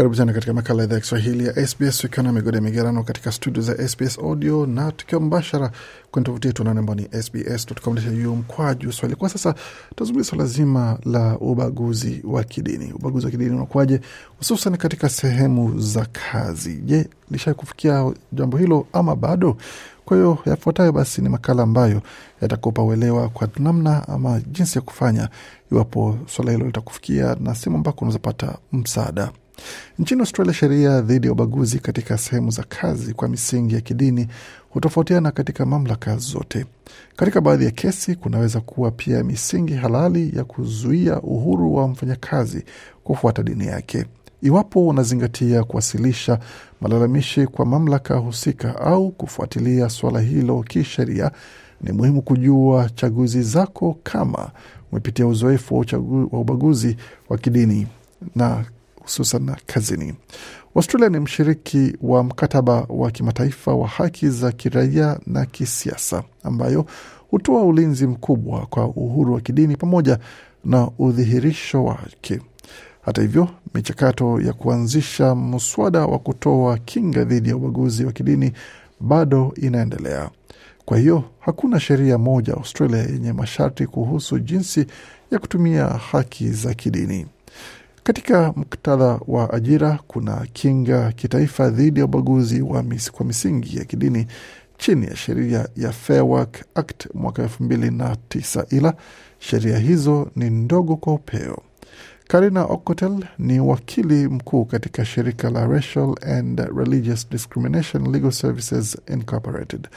karibu sana katika makala idhaa ya Kiswahili ya SBS ukiwa na migode migerano katika studio za SBS audio na tukiwa mbashara kwenye tovuti yetu nane ambao ni sbs.com.au mkwaju swahili. Kwa sasa tutazungumzia swala zima la ubaguzi wa kidini. Ubaguzi wa kidini unakuwaje, hususan katika sehemu za kazi? Je, lisha kufikia jambo hilo ama bado? Kwa hiyo yafuatayo basi ni makala ambayo yatakupa uelewa kwa namna ama jinsi ya kufanya iwapo swala hilo litakufikia na sehemu ambako unaweza pata msaada. Nchini Australia, sheria dhidi ya ubaguzi katika sehemu za kazi kwa misingi ya kidini hutofautiana katika mamlaka zote. Katika baadhi ya kesi, kunaweza kuwa pia misingi halali ya kuzuia uhuru wa mfanyakazi kufuata dini yake, iwapo unazingatia kuwasilisha malalamishi kwa mamlaka husika au kufuatilia suala hilo kisheria. Ni muhimu kujua chaguzi zako kama umepitia uzoefu wa ubaguzi wa kidini na hususan kazini. Australia ni mshiriki wa mkataba wa kimataifa wa haki za kiraia na kisiasa ambayo hutoa ulinzi mkubwa kwa uhuru wa kidini pamoja na udhihirisho wake. Hata hivyo, michakato ya kuanzisha mswada wa kutoa kinga dhidi ya ubaguzi wa kidini bado inaendelea. Kwa hiyo hakuna sheria moja Australia yenye masharti kuhusu jinsi ya kutumia haki za kidini. Katika muktadha wa ajira, kuna kinga kitaifa dhidi ya ubaguzi wa mis, kwa misingi ya kidini chini ya sheria ya Fair Work Act mwaka elfu mbili na tisa, ila sheria hizo ni ndogo kwa upeo. Karina Okotel ni wakili mkuu katika shirika la Racial and Religious Discrimination Legal Services Incorporated.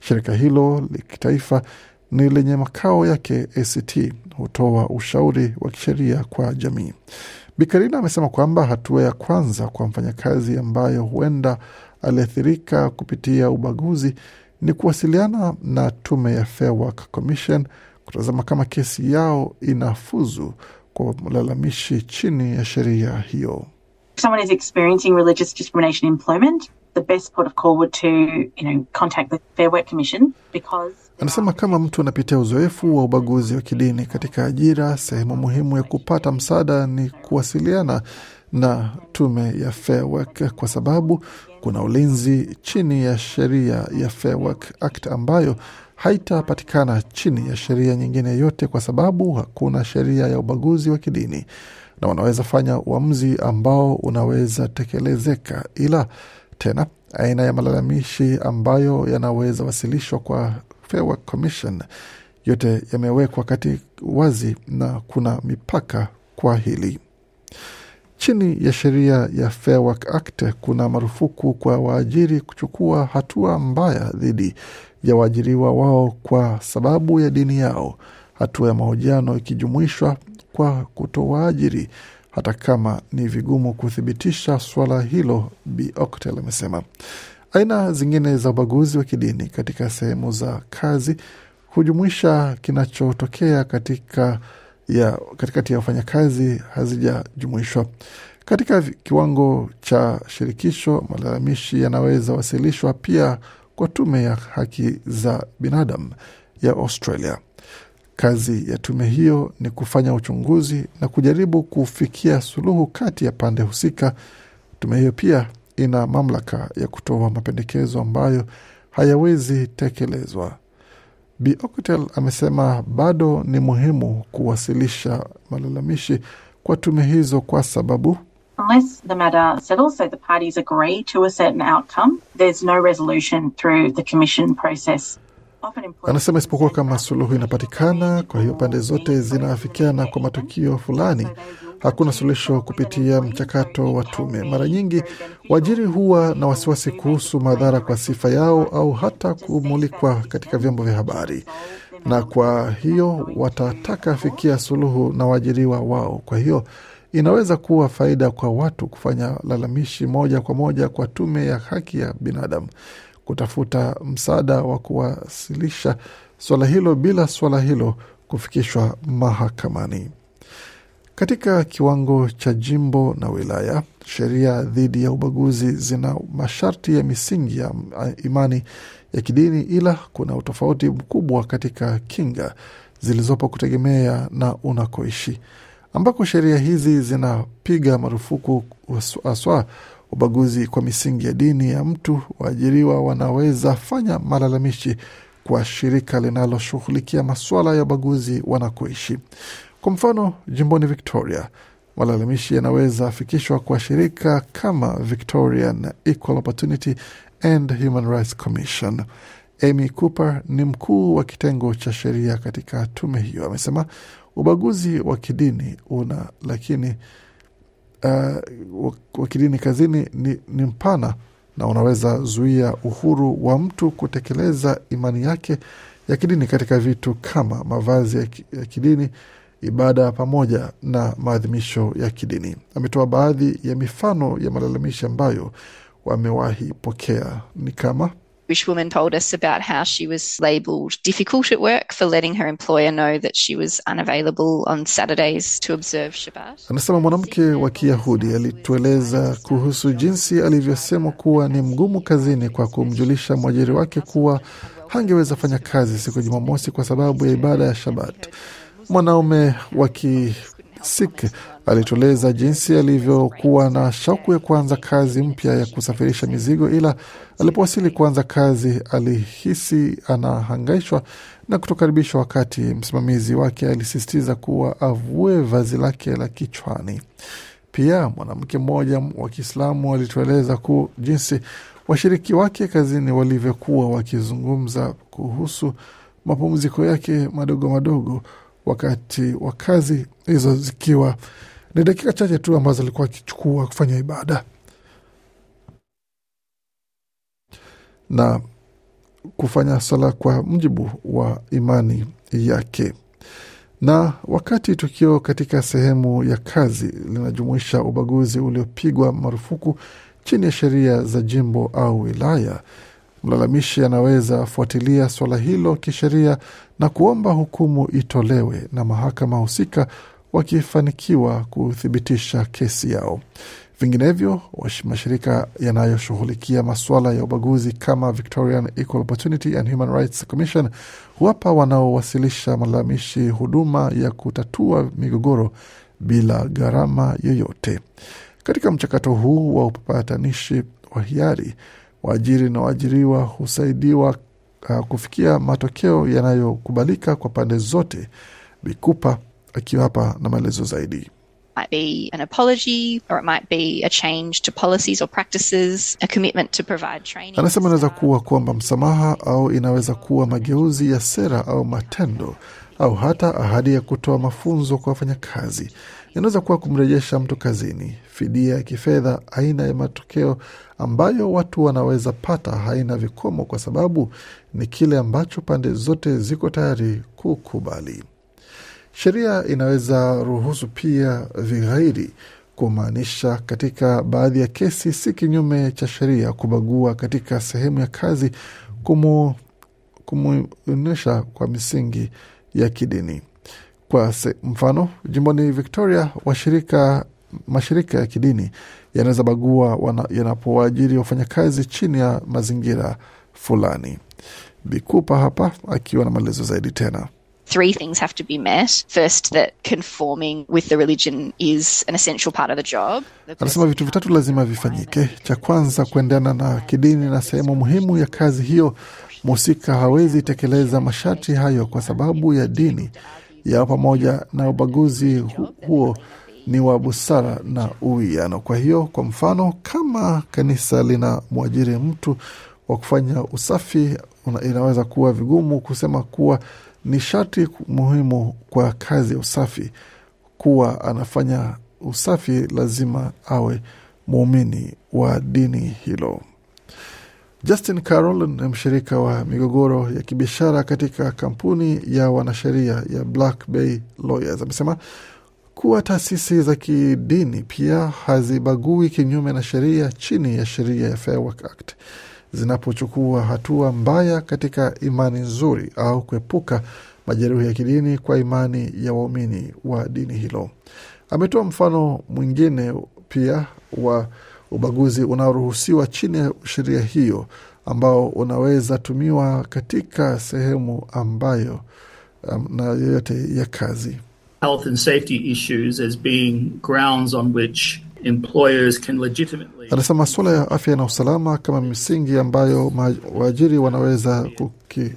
Shirika hilo la kitaifa ni lenye makao yake ACT, hutoa ushauri wa kisheria kwa jamii. Bikarina amesema kwamba hatua ya kwanza kwa mfanyakazi ambayo huenda aliathirika kupitia ubaguzi ni kuwasiliana na tume ya Fair Work Commission kutazama kama kesi yao inafuzu kwa mlalamishi chini ya sheria hiyo. Anasema kama mtu anapitia uzoefu wa ubaguzi wa kidini katika ajira, sehemu muhimu ya kupata msaada ni kuwasiliana na tume ya Fair Work kwa sababu kuna ulinzi chini ya sheria ya Fair Work Act ambayo haitapatikana chini ya sheria nyingine yote kwa sababu hakuna sheria ya ubaguzi wa kidini, na wanaweza fanya uamuzi ambao unaweza tekelezeka ila tena aina ya malalamishi ambayo yanaweza wasilishwa kwa Fair Commission. Yote yamewekwa kati wazi na kuna mipaka kwa hili. Chini ya sheria ya Fair Work Act kuna marufuku kwa waajiri kuchukua hatua mbaya dhidi ya waajiriwa wao kwa sababu ya dini yao, hatua ya mahojiano ikijumuishwa kwa kutowaajiri hata kama ni vigumu kuthibitisha swala hilo, Bi amesema. Aina zingine za ubaguzi wa kidini katika sehemu za kazi hujumuisha kinachotokea katika ya katikati ya wafanyakazi hazijajumuishwa katika kiwango cha shirikisho. Malalamishi yanaweza wasilishwa pia kwa tume ya haki za binadamu ya Australia. Kazi ya tume hiyo ni kufanya uchunguzi na kujaribu kufikia suluhu kati ya pande husika. Tume hiyo pia ina mamlaka ya kutoa mapendekezo ambayo hayawezi tekelezwa. Bi amesema bado ni muhimu kuwasilisha malalamishi kwa tume hizo kwa sababu settles, so the parties agree to a certain outcome, there's no resolution through the commission process. Anasema isipokuwa kama suluhu inapatikana, kwa hiyo pande zote zinaafikiana kwa matukio fulani, hakuna suluhisho kupitia mchakato wa tume. Mara nyingi waajiri huwa na wasiwasi kuhusu madhara kwa sifa yao au hata kumulikwa katika vyombo vya habari, na kwa hiyo watataka afikia suluhu na waajiriwa wao. Kwa hiyo inaweza kuwa faida kwa watu kufanya lalamishi moja kwa moja kwa tume ya haki ya binadamu kutafuta msaada wa kuwasilisha swala hilo bila swala hilo kufikishwa mahakamani. Katika kiwango cha jimbo na wilaya, sheria dhidi ya ubaguzi zina masharti ya misingi ya imani ya kidini, ila kuna utofauti mkubwa katika kinga zilizopo kutegemea na unakoishi, ambako sheria hizi zinapiga marufuku haswa ubaguzi kwa misingi ya dini ya mtu, waajiriwa wanaweza fanya malalamishi kwa shirika linaloshughulikia masuala ya ubaguzi wanakoishi. Kwa mfano, jimboni Victoria, malalamishi yanaweza fikishwa kwa shirika kama Victorian Equal Opportunity and Human Rights Commission. Amy Cooper ni mkuu wa kitengo cha sheria katika tume hiyo, amesema ubaguzi wa kidini una lakini uh, kidini kazini ni, ni mpana na unaweza zuia uhuru wa mtu kutekeleza imani yake ya kidini katika vitu kama mavazi ya kidini, ibada pamoja na maadhimisho ya kidini. Ametoa baadhi ya mifano ya malalamishi ambayo wamewahi pokea ni kama woman told us about how she was labelled difficult at work for letting her employer know that she was unavailable on Saturdays to observe Shabbat. Anasema mwanamke wa Kiyahudi alitueleza kuhusu jinsi alivyosemwa kuwa ni mgumu kazini kwa kumjulisha mwajiri wake kuwa hangeweza fanya kazi siku ya Jumamosi kwa sababu ya ibada ya Shabbat. Mwanaume wa Sik alitueleza jinsi alivyokuwa na shauku ya kuanza kazi mpya ya kusafirisha mizigo, ila alipowasili kuanza kazi alihisi anahangaishwa na kutokaribishwa, wakati msimamizi wake alisisitiza kuwa avue vazi lake la kichwani. Pia mwanamke mmoja wa Kiislamu alitueleza ku jinsi washiriki wake kazini walivyokuwa wakizungumza kuhusu mapumziko yake madogo madogo wakati wa kazi hizo zikiwa ni dakika chache tu ambazo alikuwa akichukua kufanya ibada na kufanya sala kwa mjibu wa imani yake. Na wakati tukio katika sehemu ya kazi linajumuisha ubaguzi uliopigwa marufuku chini ya sheria za jimbo au wilaya, Mlalamishi anaweza fuatilia suala hilo kisheria na kuomba hukumu itolewe na mahakama husika wakifanikiwa kuthibitisha kesi yao. Vinginevyo, mashirika yanayoshughulikia masuala ya ubaguzi kama Victorian Equal Opportunity and Human Rights Commission huwapa wanaowasilisha malalamishi huduma ya kutatua migogoro bila gharama yoyote. Katika mchakato huu wa upatanishi wa hiari Waajiri na waajiriwa husaidiwa uh, kufikia matokeo yanayokubalika kwa pande zote. Bikupa akiwa hapa na maelezo zaidi. Anasema inaweza kuwa kwamba msamaha au inaweza kuwa mageuzi ya sera au matendo au hata ahadi ya kutoa mafunzo kwa wafanyakazi. Inaweza kuwa kumrejesha mtu kazini. Fidia ya kifedha, aina ya matokeo ambayo watu wanaweza pata, haina vikomo kwa sababu ni kile ambacho pande zote ziko tayari kukubali. Sheria inaweza ruhusu pia vighairi, kumaanisha katika baadhi ya kesi si kinyume cha sheria kubagua katika sehemu ya kazi, kumuonyesha kwa misingi ya kidini. Kwa se, mfano jimboni Victoria, washirika mashirika ya kidini yanaweza bagua yanapowaajiri wafanyakazi chini ya mazingira fulani. Bikupa hapa akiwa na maelezo zaidi tena three things have to be met. First, that conforming with the religion is an essential part of the job. Anasema vitu vitatu lazima vifanyike. Cha kwanza, kuendana na kidini na sehemu muhimu ya kazi hiyo mhusika hawezi tekeleza masharti hayo kwa sababu ya dini yao pamoja na ubaguzi hu huo ni wa busara na uwiano. Kwa hiyo, kwa mfano, kama kanisa lina mwajiri mtu wa kufanya usafi, inaweza kuwa vigumu kusema kuwa ni sharti muhimu kwa kazi ya usafi kuwa anafanya usafi, lazima awe muumini wa dini hilo. Justin Carroll ni mshirika wa migogoro ya kibiashara katika kampuni ya wanasheria ya Black Bay Lawyers amesema kuwa taasisi za kidini pia hazibagui kinyume na sheria chini ya sheria ya Fair Work Act zinapochukua hatua mbaya katika imani nzuri au kuepuka majeruhi ya kidini kwa imani ya waumini wa dini hilo. Ametoa mfano mwingine pia wa ubaguzi unaoruhusiwa chini ya sheria hiyo ambao unaweza tumiwa katika sehemu ambayo um, na yoyote ya kazi. Health and safety issues as being grounds on which employers can legitimately... Anasema masuala ya afya na usalama kama misingi ambayo waajiri wanaweza kuki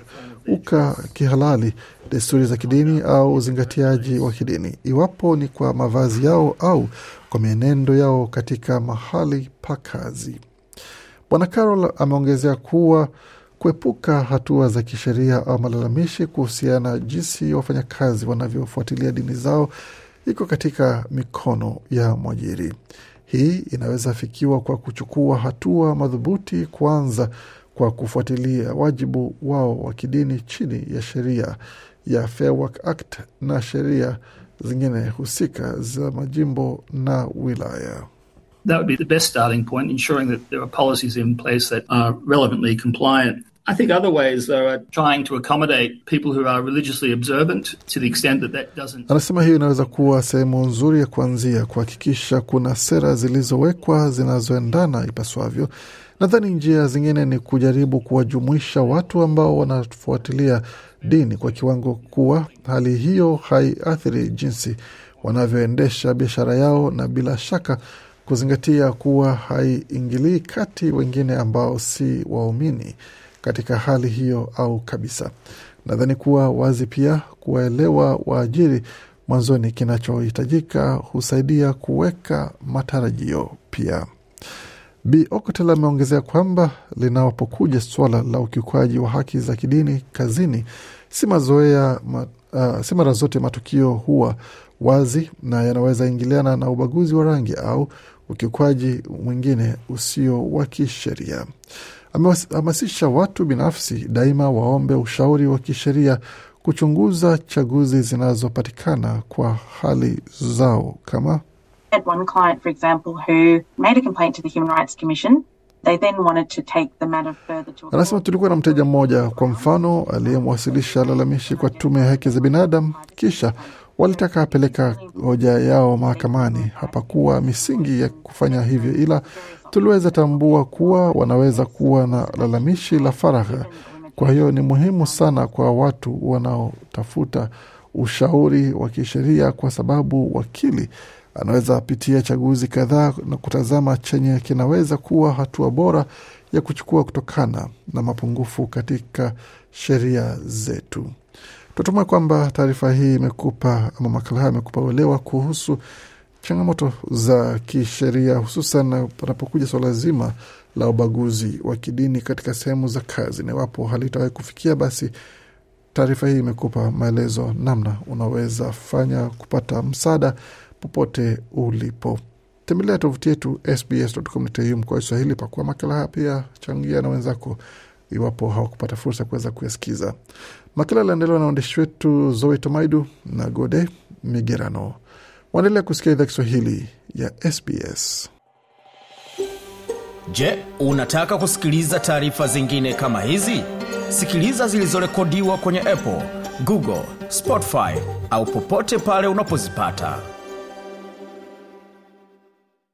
uka kihalali desturi za kidini au uzingatiaji wa kidini, iwapo ni kwa mavazi yao au kwa mienendo yao katika mahali pa kazi. Bwana Carol ameongezea kuwa kuepuka hatua za kisheria au malalamishi kuhusiana na jinsi wafanyakazi wanavyofuatilia dini zao iko katika mikono ya mwajiri. Hii inaweza fikiwa kwa kuchukua hatua madhubuti, kwanza kwa kufuatilia wajibu wao wa kidini chini ya sheria ya Fair Work Act na sheria zingine husika za majimbo na wilaya. That would be the best starting point, ensuring that there are policies in place that are relevantly compliant. I think other ways are trying to accommodate people who are religiously observant to the extent that that doesn't. Anasema hiyo inaweza kuwa sehemu nzuri ya kuanzia kuhakikisha kuna sera zilizowekwa zinazoendana ipaswavyo. Nadhani njia zingine ni kujaribu kuwajumuisha watu ambao wanafuatilia dini kwa kiwango kuwa hali hiyo haiathiri jinsi wanavyoendesha biashara yao, na bila shaka kuzingatia kuwa haiingilii kati wengine ambao si waumini katika hali hiyo au kabisa. Nadhani kuwa wazi pia kuwaelewa waajiri mwanzoni kinachohitajika husaidia kuweka matarajio pia. b Okotel ameongezea kwamba linapokuja suala la ukiukwaji wa haki za kidini kazini, si mazoea ma, uh, si mara zote matukio huwa wazi na yanaweza ingiliana na ubaguzi wa rangi au ukiukwaji mwingine usio wa kisheria amehamasisha watu binafsi daima waombe ushauri wa kisheria kuchunguza chaguzi zinazopatikana kwa hali zao kama Anasema tulikuwa na mteja mmoja, kwa mfano, aliyemwasilisha lalamishi kwa tume ya haki za binadamu, kisha Walitaka apeleka hoja yao mahakamani. Hapakuwa misingi ya kufanya hivyo, ila tuliweza tambua kuwa wanaweza kuwa na lalamishi la faragha. Kwa hiyo ni muhimu sana kwa watu wanaotafuta ushauri wa kisheria, kwa sababu wakili anaweza pitia chaguzi kadhaa na kutazama chenye kinaweza kuwa hatua bora ya kuchukua kutokana na mapungufu katika sheria zetu tatuma kwamba taarifa hii imekupa ama makala haya amekupa uelewa kuhusu changamoto za kisheria, hususan panapokuja swala zima la ubaguzi wa kidini katika sehemu za kazi, na iwapo halitawahi kufikia basi taarifa hii imekupa maelezo namna unaweza fanya kupata msaada popote ulipo. Tembelea tovuti yetu sbs.com.au kwa Kiswahili, pakuwa makala haya, pia changia na wenzako iwapo hawakupata fursa ya kuweza kuyasikiza. Makala aliandaliwa na waandishi wetu Zoe Tomaidu na Gode Migerano. Waendelea kusikia idhaa Kiswahili ya SBS. Je, unataka kusikiliza taarifa zingine kama hizi? Sikiliza zilizorekodiwa kwenye Apple, Google, Spotify au popote pale unapozipata.